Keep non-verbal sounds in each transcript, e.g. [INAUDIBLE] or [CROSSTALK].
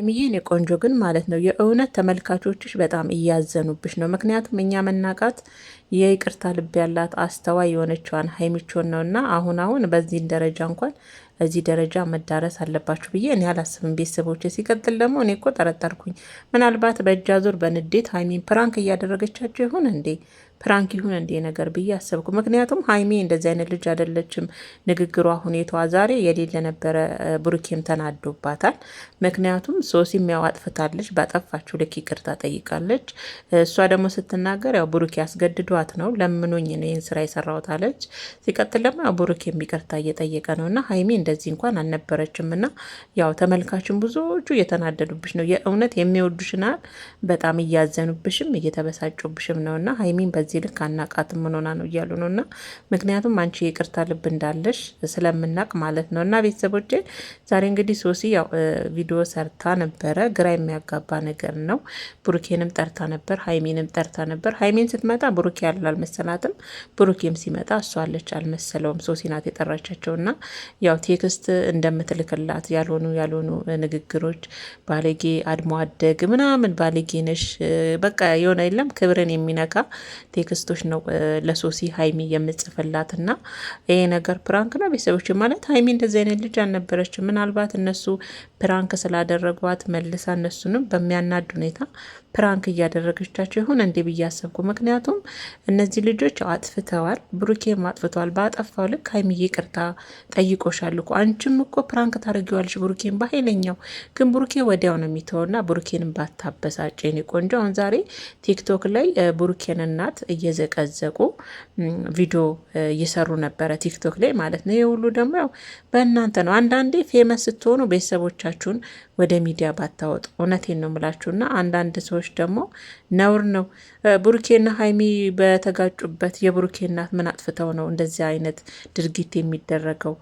ሀይሚዬ የቆንጆ ግን ማለት ነው የእውነት ተመልካቾችሽ በጣም እያዘኑብሽ ነው። ምክንያቱም እኛ መናቃት የይቅርታ ልብ ያላት አስተዋይ የሆነችዋን ሀይሚቾን ነው እና አሁን አሁን በዚህን ደረጃ እንኳን እዚህ ደረጃ መዳረስ አለባችሁ ብዬ እኔ አላስብም ቤተሰቦች። ሲቀጥል ደግሞ እኔ እኮ ጠረጠርኩኝ፣ ምናልባት በእጃ ዞር በንዴት ሀይሚን ፕራንክ እያደረገቻቸው ይሁን እንዴ ፕራንክ ይሁን እንዴ ነገር ብዬ አሰብኩ። ምክንያቱም ሀይሚ እንደዚህ አይነት ልጅ አይደለችም። ንግግሯ፣ ሁኔታዋ ዛሬ የሌለ ነበረ። ብሩኬም ተናዶባታል። ምክንያቱም ሶሲም ያው አጥፍታለች፣ ባጠፋችሁ ልክ ይቅርታ ጠይቃለች። እሷ ደግሞ ስትናገር ያው ብሩኬ አስገድዷል አብሯት ነው ለምኖኝ ይህን ስራ የሰራሁት አለች። ሲቀጥል ደግሞ ብሩክ የሚቅርታ እየጠየቀ ነው እና ሀይሚ እንደዚህ እንኳን አልነበረችም እና ያው ተመልካችን ብዙዎቹ እየተናደዱብሽ ነው። የእውነት የሚወዱሽናል በጣም እያዘኑብሽም እየተበሳጩብሽም ነው እና ሀይሚን በዚህ ልክ አናቃትም ምንሆና ነው እያሉ ነው እና ምክንያቱም አንቺ የቅርታ ልብ እንዳለሽ ስለምናቅ ማለት ነው እና ቤተሰቦቼ ዛሬ እንግዲህ ሶሲ ያው ቪዲዮ ሰርታ ነበረ። ግራ የሚያጋባ ነገር ነው። ቡሩኬንም ጠርታ ነበር፣ ሀይሚንም ጠርታ ነበር። ሀይሚን ስትመጣ ቡሩኬ ያሉን አልመሰላትም። ብሩኬም ሲመጣ እሷ አለች አልመሰለውም። ሶሲ ናት የጠራቻቸው እና ያው ቴክስት እንደምትልክላት ያልሆኑ ያልሆኑ ንግግሮች ባለጌ አድሞ አደግ ምናምን ባለጌ ነሽ በቃ የሆነ የለም ክብርን የሚነካ ቴክስቶች ነው ለሶሲ ሀይሚ የምጽፍላት እና ይሄ ነገር ፕራንክ ነው ቤተሰቦች ማለት ሀይሚ እንደዚህ አይነት ልጅ አልነበረችም። ምናልባት እነሱ ፕራንክ ስላደረጓት መልሳ እነሱንም በሚያናድ ሁኔታ ፕራንክ እያደረገቻቸው ይሁን እንዴ ብዬ አሰብኩ። ምክንያቱም እነዚህ ልጆች አጥፍተዋል፣ ብሩኬም አጥፍተዋል። በአጠፋው ልክ ሀይሚዬ ቅርታ ጠይቆሻል እኮ አንቺም እኮ ፕራንክ ታደርጊዋለሽ ብሩኬን በኃይለኛው ግን ብሩኬ ወዲያው ነው የሚተውና ብሩኬንም ባታበሳጭ የኔ ቆንጆ። አሁን ዛሬ ቲክቶክ ላይ ብሩኬን እናት እየዘቀዘቁ ቪዲዮ እየሰሩ ነበረ ቲክቶክ ላይ ማለት ነው። ይህ ሁሉ ደግሞ ያው በእናንተ ነው። አንዳንዴ ፌመስ ስትሆኑ ቤተሰቦቻችሁን ወደ ሚዲያ ባታወጡ እውነቴን ነው የምላችሁና አንዳንድ ሰዎች ሰዎች ደግሞ ነውር ነው። ብሩኬና ሀይሚ በተጋጩበት የብሩኬ እናት ምን አጥፍተው ነው እንደዚህ አይነት ድርጊት የሚደረገው?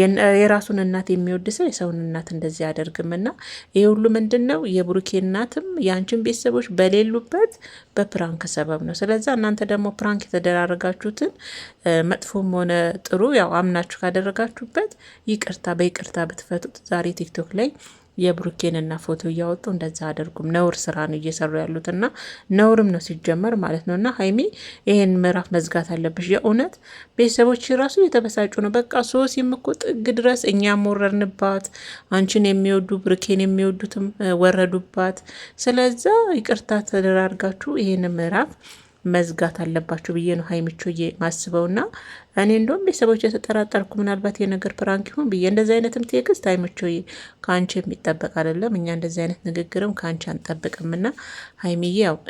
የራሱን እናት የሚወድ ሰው የሰውን እናት እንደዚህ አያደርግም። እና ይህ ሁሉ ምንድን ነው? የብሩኬ እናትም የአንቺን ቤተሰቦች በሌሉበት በፕራንክ ሰበብ ነው። ስለዛ እናንተ ደግሞ ፕራንክ የተደራረጋችሁትን መጥፎም ሆነ ጥሩ ያው አምናችሁ ካደረጋችሁበት ይቅርታ በይቅርታ ብትፈቱት ዛሬ ቲክቶክ ላይ የብሩኬንና ፎቶ እያወጡ እንደዛ አደርጉም። ነውር ስራ ነው እየሰሩ ያሉትና ነውርም ነው ሲጀመር ማለት ነው። እና ሀይሚ ይህን ምዕራፍ መዝጋት አለብሽ። የእውነት ቤተሰቦች ራሱ የተበሳጩ ነው። በቃ ሶሲም የምኮ ጥግ ድረስ እኛም ወረድንባት፣ አንቺን የሚወዱ ብሩኬን የሚወዱትም ወረዱባት። ስለዛ ይቅርታ ተደራርጋችሁ ይህን ምዕራፍ መዝጋት አለባቸው ብዬ ነው ማስበው ና እኔ እንደውም ቤተሰቦች የተጠራጠርኩ ምናልባት የነገር ፕራንክ ይሁን ብዬ እንደዚ አይነትም ቴክስት ሀይሚቾዬ ከአንቺ የሚጠበቅ አይደለም። እኛ እንደዚህ አይነት ንግግርም ከአንቺ አንጠብቅምና ሀይሚዬ ያው [CLEARS THROAT]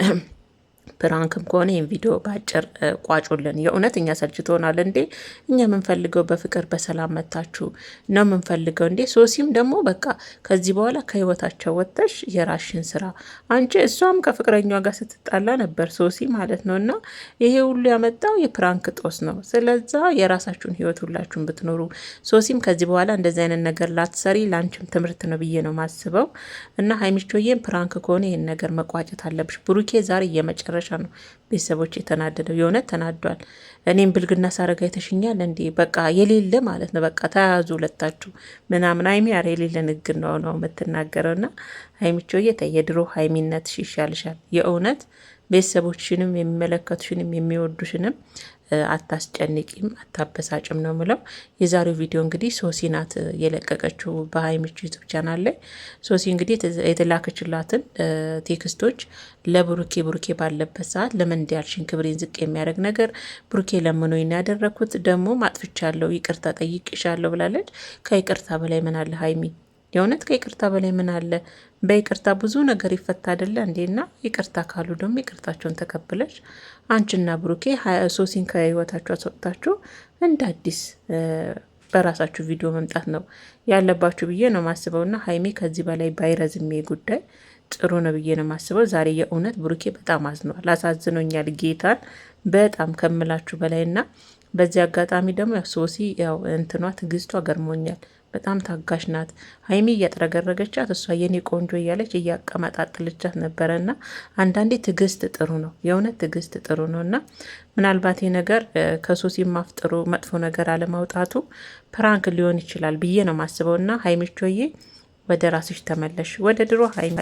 ፕራንክም ከሆነ ይህን ቪዲዮ በአጭር ቋጩልን። የእውነት እኛ ሰልችቶናል እንዴ? እኛ የምንፈልገው በፍቅር በሰላም መታችሁ ነው የምንፈልገው እንዴ? ሶሲም ደግሞ በቃ ከዚህ በኋላ ከህይወታቸው ወጥተሽ የራሽን ስራ አንቺ። እሷም ከፍቅረኛ ጋር ስትጣላ ነበር ሶሲ ማለት ነው። እና ይሄ ሁሉ ያመጣው የፕራንክ ጦስ ነው። ስለዛ የራሳችሁን ህይወት ሁላችሁን ብትኖሩ። ሶሲም ከዚህ በኋላ እንደዚህ አይነት ነገር ላትሰሪ፣ ለአንቺም ትምህርት ነው ብዬ ነው ማስበው። እና ሀይሚቾዬም ፕራንክ ከሆነ ይህን ነገር መቋጨት አለብሽ። ብሩኬ ዛሬ እየመጨረ መጨረሻ ነው ቤተሰቦች የተናደደው። የእውነት ተናዷል። እኔም ብልግና ሳረጋ የተሽኛል እንዲ በቃ የሌለ ማለት ነው። በቃ ተያያዙ ሁለታችሁ ምናምን። ሀይሚ ኧረ የሌለ ንግግር ነው ነው የምትናገረው። ና ሀይሚቾዬ ተይ፣ የድሮ ሀይሚነትሽ ይሻልሻል። የእውነት ቤተሰቦችንም የሚመለከቱሽንም የሚወዱሽንም አታስጨንቂም፣ አታበሳጭም ነው ምለው። የዛሬው ቪዲዮ እንግዲህ ሶሲ ናት የለቀቀችው በሀይሚች ዩቱብ ቻናል ላይ። ሶሲ እንግዲህ የተላከችላትን ቴክስቶች ለብሩኬ ብሩኬ ባለበት ሰዓት ለምን እንዲያልሽኝ ክብሬን ዝቅ የሚያደርግ ነገር ብሩኬ ለምኖ ያደረግኩት ደግሞ ማጥፍቻለሁ፣ ይቅርታ ጠይቅሻለሁ ብላለች። ከይቅርታ በላይ ምናለ ሀይሚ? የእውነት ከይቅርታ በላይ ምን አለ? በይቅርታ ብዙ ነገር ይፈታ አይደለ ና ይቅርታ ካሉ ደግሞ ይቅርታቸውን ተቀብለች አንቺና ብሩኬ ሶሲን ከህይወታችሁ አስወጥታችሁ እንደ አዲስ በራሳችሁ ቪዲዮ መምጣት ነው ያለባችሁ ብዬ ነው ማስበውና ሀይሜ ከዚህ በላይ ባይረዝሜ ጉዳይ ጥሩ ነው ብዬ ነው ማስበው። ዛሬ የእውነት ብሩኬ በጣም አዝኗል፣ አሳዝኖኛል ጌታን በጣም ከምላችሁ በላይ ና በዚህ አጋጣሚ ደግሞ ሶሲ ያው እንትኗ ትግስቷ ገርሞኛል። በጣም ታጋሽ ናት። ሀይሚ እያጥረገረገቻት እሷ የኔ ቆንጆ እያለች እያቀማጣጥልቻት ነበረ እና አንዳንዴ ትዕግስት ጥሩ ነው። የእውነት ትዕግስት ጥሩ ነው እና ምናልባት ይህ ነገር ከሱስ የማፍጥሩ መጥፎ ነገር አለማውጣቱ ፕራንክ ሊሆን ይችላል ብዬ ነው ማስበው እና ሀይሚቾዬ ወደ ራስሽ ተመለሽ፣ ወደ ድሮ ሀይሚ